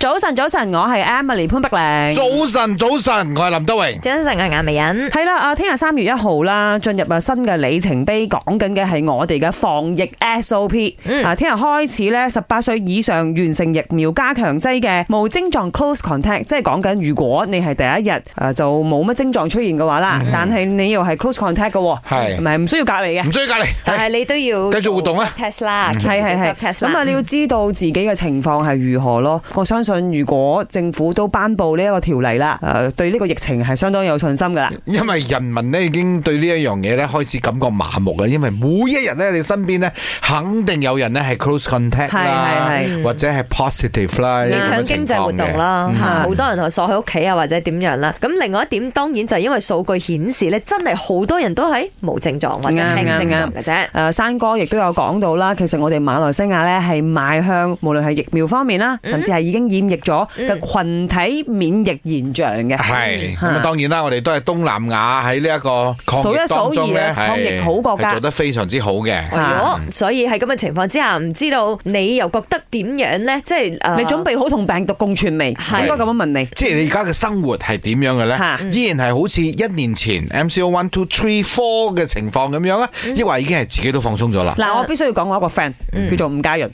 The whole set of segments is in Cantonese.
早晨，早晨，我係 Emily 潘碧玲。早晨，早晨，我係林德榮。早晨，我係阿美忍。係啦，啊，聽日三月一號啦，進入啊新嘅里程碑，講緊嘅係我哋嘅防疫 SOP。啊，聽日開始咧，十八歲以上完成疫苗加強劑嘅無症狀 close contact，即係講緊如果你係第一日誒就冇乜症狀出現嘅話啦，但係你又係 close contact 嘅，係唔係唔需要隔離嘅？唔需要隔離，但係你都要繼續活動啊！test 啦，係係係，咁啊你要知道自己嘅情況係如何咯？我相信。信如果政府都頒布呢一個條例啦，誒，對呢個疫情係相當有信心噶啦。因為人民咧已經對呢一樣嘢咧開始感覺麻木啊，因為每一日咧你身邊咧肯定有人咧係 close contact 啦，或者係 positive 啦，咁嘅情況嘅。響經濟活動啦，吓，好多人係鎖喺屋企啊，或者點樣啦。咁另外一點當然就係因為數據顯示咧，真係好多人都係無症狀或者輕症狀嘅啫。誒，山哥亦都有講到啦，其實我哋馬來西亞咧係邁向無論係疫苗方面啦，甚至係已經免疫咗嘅群體免疫現象嘅係咁當然啦，我哋都係東南亞喺呢一個抗疫當中數一數二，抗疫好國家做得非常之好嘅。啊，所以喺咁嘅情況之下，唔知道你又覺得點樣咧？即係你準備好同病毒共存未？係應該咁樣問你。即係你而家嘅生活係點樣嘅咧？依然係好似一年前 MCO one two three four 嘅情況咁樣啊？抑或已經係自己都放鬆咗啦？嗱，我必須要講我一個 friend，叫做吳嘉潤。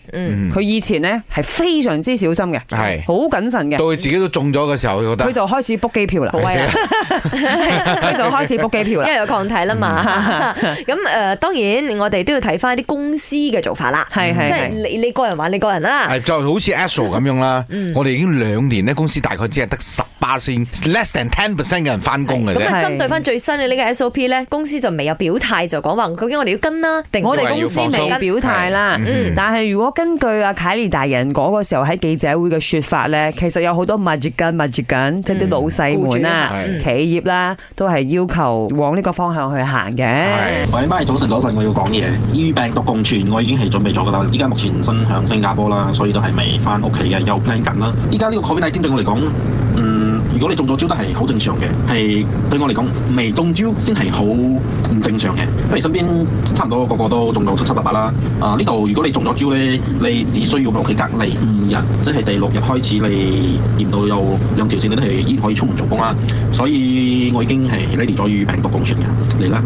佢以前呢係非常之小心嘅。好謹慎嘅，到自己都中咗嘅時候，覺得佢就開始 book 機票啦。好威。佢就開始 book 機票啦，因為有抗體啦嘛。咁誒，當然我哋都要睇翻啲公司嘅做法啦。係係，即係你你個人玩你個人啦。係就好似 Asol 咁樣啦，我哋已經兩年咧，公司大概只係得十。八先，less than ten percent 嘅人翻工嘅。咁啊，針對翻最新嘅呢個 SOP 咧，公司就未有表態，就講話究竟我哋要跟啦，定我哋公司未表態啦。但係如果根據阿凱利大人嗰個時候喺記者會嘅説法咧，其實有好多密切緊、密切緊，即係啲老細們啦、企業啦，都係要求往呢個方向去行嘅。喂，媽，早晨，早晨，我要講嘢。與病毒共存，我已經係準備咗噶啦。依家目前身喺新加坡啦，所以都係未翻屋企嘅，又 plan 緊啦。依家呢個抗病毒針對我嚟講，嗯。如果你中咗招都係好正常嘅，係對我嚟講未中招先係好唔正常嘅，因為身邊差唔多個個都中到七七八八啦。啊，呢度如果你中咗招咧，你只需要喺屋企隔離五日，即係第六日開始你驗到有兩條線，你都係已經可以出門做工啦。所以我已經係 ready 咗，與病毒共存嘅，嚟啦。